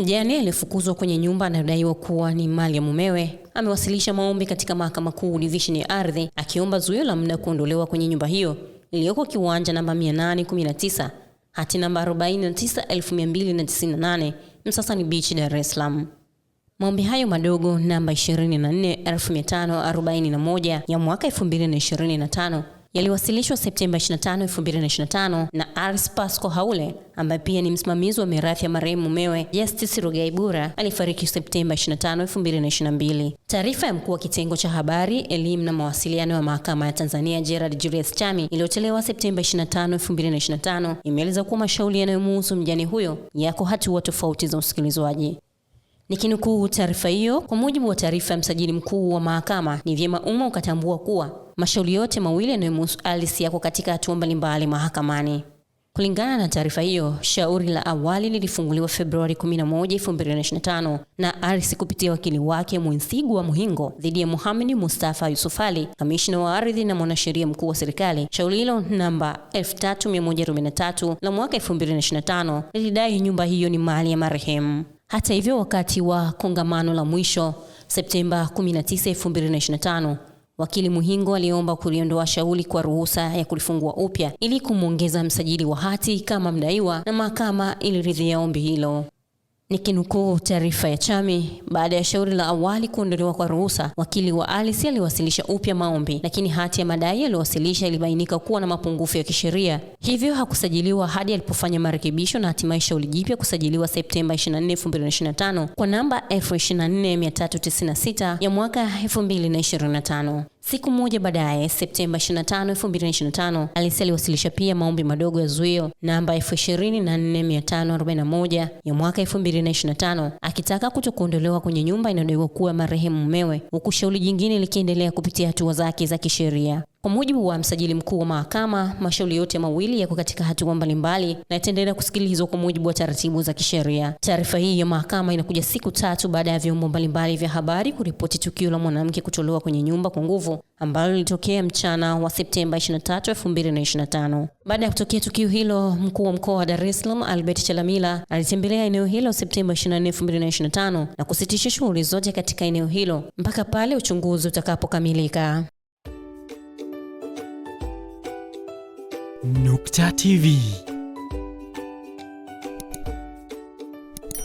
Mjane aliyefukuzwa kwenye nyumba anayodaiwa kuwa ni mali ya mumewe amewasilisha maombi katika Mahakama Kuu divisheni ya ardhi akiomba zuio la muda kuondolewa kwenye nyumba hiyo iliyoko kiwanja namba 819 hati namba 49298 Msasani Beach, Dar es Salaam. Maombi hayo madogo namba 24541 ya mwaka 2025 yaliwasilishwa Septemba 25, 2025 na Ars Pasco Haule ambaye pia ni msimamizi wa mirathi ya marehemu mumewe Justice Rugaibura alifariki Septemba 25, 2022. Taarifa ya mkuu wa kitengo cha habari, elimu na mawasiliano ya mahakama ya Tanzania Gerard Julius Chami iliyotolewa Septemba 25, 2025 imeeleza kuwa mashauri yanayomuhusu mjane huyo yako hatua tofauti za usikilizwaji. Nikinukuu taarifa hiyo, kwa mujibu wa taarifa ya msajili mkuu wa mahakama, ni vyema umma ukatambua kuwa Mashauri yote mawili yanayomhusu Alice yako katika hatua mbalimbali mahakamani. Kulingana na taarifa hiyo, shauri la awali lilifunguliwa Februari 11, 2025 na Alice kupitia wakili wake Mwinsigwa Muhingo dhidi ya Mohamed Mustafa Yusuf Ali, kamishna wa ardhi na mwanasheria mkuu wa serikali. Shauri hilo namba 3143 la mwaka 2025 lilidai nyumba hiyo ni mali ya marehemu. Hata hivyo, wakati wa kongamano la mwisho Septemba 19, 2025 Wakili Muhingo aliomba kuliondoa shauri kwa ruhusa ya kulifungua upya ili kumwongeza msajili wa hati kama mdaiwa na mahakama iliridhia ombi hilo. Nikinukuu taarifa ya Chami, baada ya shauri la awali kuondolewa kwa ruhusa, wakili wa Alice aliwasilisha upya maombi, lakini hati ya madai aliyowasilisha ilibainika kuwa na mapungufu ya kisheria Hivyo hakusajiliwa hadi alipofanya marekebisho na hatimaye shauri jipya kusajiliwa Septemba 24, kwa namba 24396 ya mwaka 2025. Siku moja baadaye, Septemba 25, 2025, Alisi aliwasilisha pia maombi madogo ya zuio namba 24541 ya mwaka 2025 akitaka kutokuondolewa kwenye nyumba inayodaiwa kuwa marehemu mmewe huku shauli jingine likiendelea kupitia hatua zake za kisheria. Kwa mujibu wa msajili mkuu wa mahakama, mashauri yote mawili yako katika hatua mbalimbali na yataendelea kusikilizwa kwa mujibu wa taratibu za kisheria. Taarifa hii ya mahakama inakuja siku tatu baada ya vyombo mbalimbali vya habari kuripoti tukio la mwanamke kutolewa kwenye nyumba kwa nguvu ambalo lilitokea mchana wa Septemba 23, 2025. Baada ya kutokea tukio hilo, mkuu wa mkoa wa Dar es Salaam Albert Chalamila alitembelea eneo hilo Septemba 24, 2025 na kusitisha shughuli zote katika eneo hilo mpaka pale uchunguzi utakapokamilika. Nukta TV.